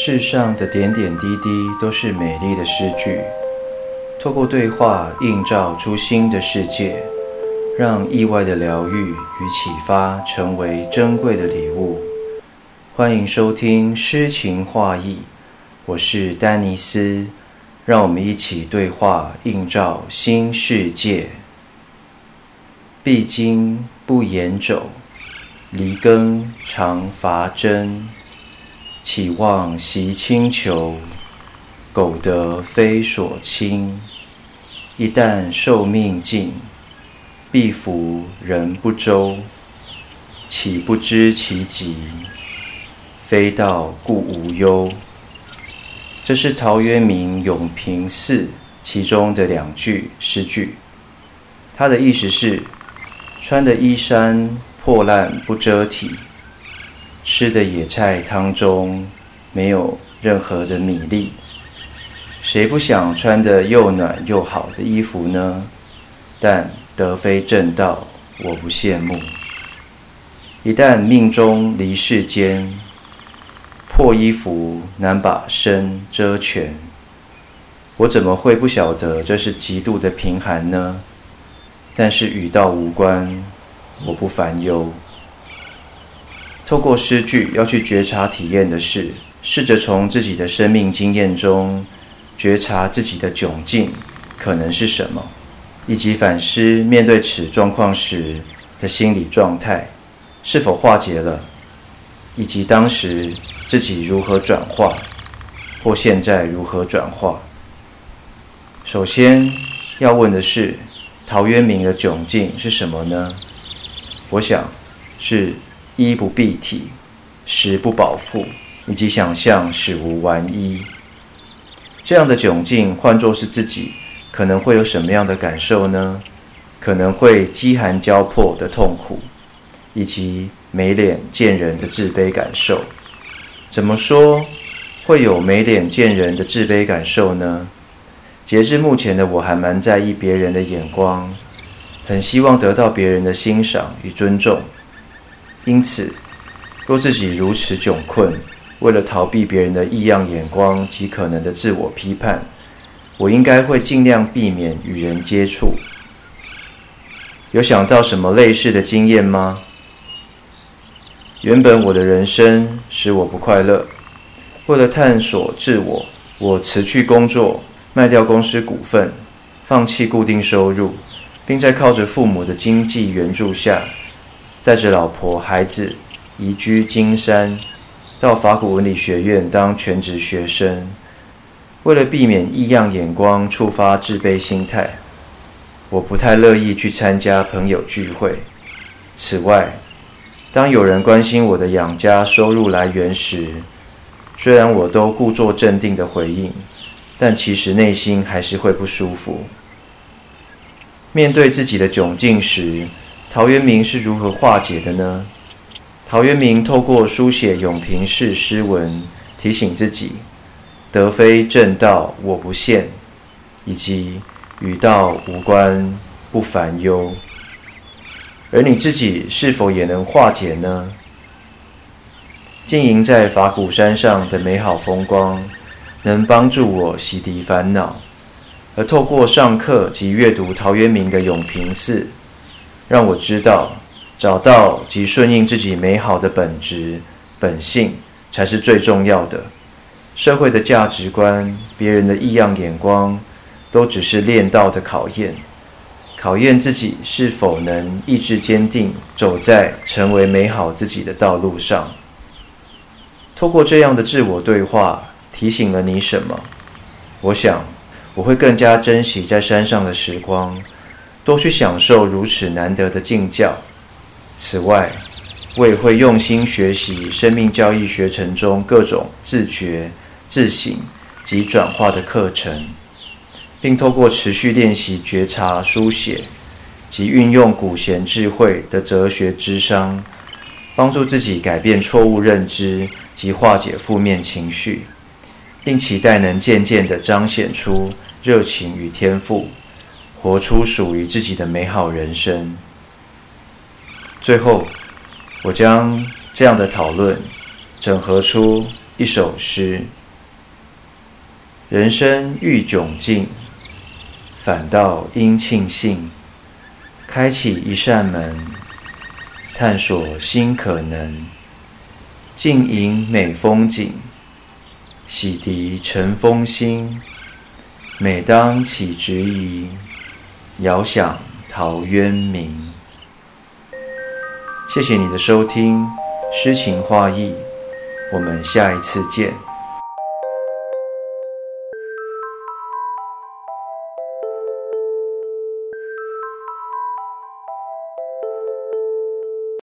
世上的點點滴滴都是美麗的詩句，透過對話映照出新的世界，讓意外的療癒與啟發成為珍貴的禮物。歡迎收聽詩情話意，我是丹尼思，讓我們一起對話映照新世界。必經不言走，離根常伐真。豈望襲輕裘？苟得非所欽。一旦壽命盡，蔽服仍不周。豈不知其極？非道故無憂。這是陶淵明《詠貧士》其中的兩句詩句。他的意思是，穿的衣衫破爛不遮體。吃的野菜湯中沒有任何的米粒，誰不想穿的又暖又好的衣服呢？但得非正道，我不羨慕。一旦命中離世間，破衣服難把身遮全，我怎麼會不曉得這是極度的貧寒呢？但是與道無關，我不煩憂。透過詩句要去覺察體驗的是，試着從自己的生命經驗中覺察自己的窘境，可能是什麼，以及反思面對此狀況時的心理狀態是否化解了，以及當時自己如何轉化，或現在如何轉化。首先要問的是，陶淵明的窘境是什麼呢？我想是。衣不蔽體，食不飽腹，以及想象死無完衣。這樣的窘境，換作是自己，可能會有什麼樣的感受呢？可能會飢寒交迫的痛苦，以及沒臉見人的自卑感受。怎麼說，會有沒臉見人的自卑感受呢？截至目前的我還蠻在意別人的眼光，很希望得到別人的欣賞與尊重。因此，若自己如此窘困，為了逃避別人的異樣眼光及可能的自我批判，我應該會儘量避免與人接觸。有想到什麼類似的經驗嗎？原本我的人生使我不快樂，為了探索自我，我辭去工作，賣掉公司股份，放棄固定收入，並在靠着父母的經濟援助下，帶着老婆孩子移居金山，到法鼓文理學院當全職學生。為了避免異樣眼光觸發自卑心態，我不太樂意去參加朋友聚會。此外，當有人關心我的養家收入來源時，雖然我都故作鎮定的回應，但其實內心還是會不舒服。面對自己的窘境時，陶淵明是如何化解的呢？陶淵明透過書寫《詠貧士》詩文，提醒自己：“德非正道，我不信，以及與道無關，不煩憂。”而你自己是否也能化解呢？浸淫在法鼓山上的美好風光，能幫助我洗滌煩惱；而透過上課及閱讀陶淵明的《詠貧士》，讓我知道，找到及順應自己美好的本質、本性，才是最重要的。社會的價值觀、別人的異樣眼光，都只是練道的考驗，考驗自己是否能意志堅定，走在成為美好自己的道路上。透過這樣的自我對話，提醒了你什麼？我想，我會更加珍惜在山上的時光。多去享受如此難得的敬教。此外，我也會用心學習生命教育學程中各種自覺、自省及轉化的課程，並透過持續練習覺察、書寫及運用古賢智慧的哲學諮商，幫助自己改變錯誤認知及化解負面情緒，並期待能漸漸地彰顯出熱情與天賦。活出屬於自己的美好人生。最後，我將這樣的討論整合出一首詩：人生遇窘境，反倒應慶幸，開啟一扇門，探索新可能，浸淫美風景，洗滌塵封心。每當起質疑，遙想陶淵明。謝謝你的收聽，詩情話意，我們下一次見。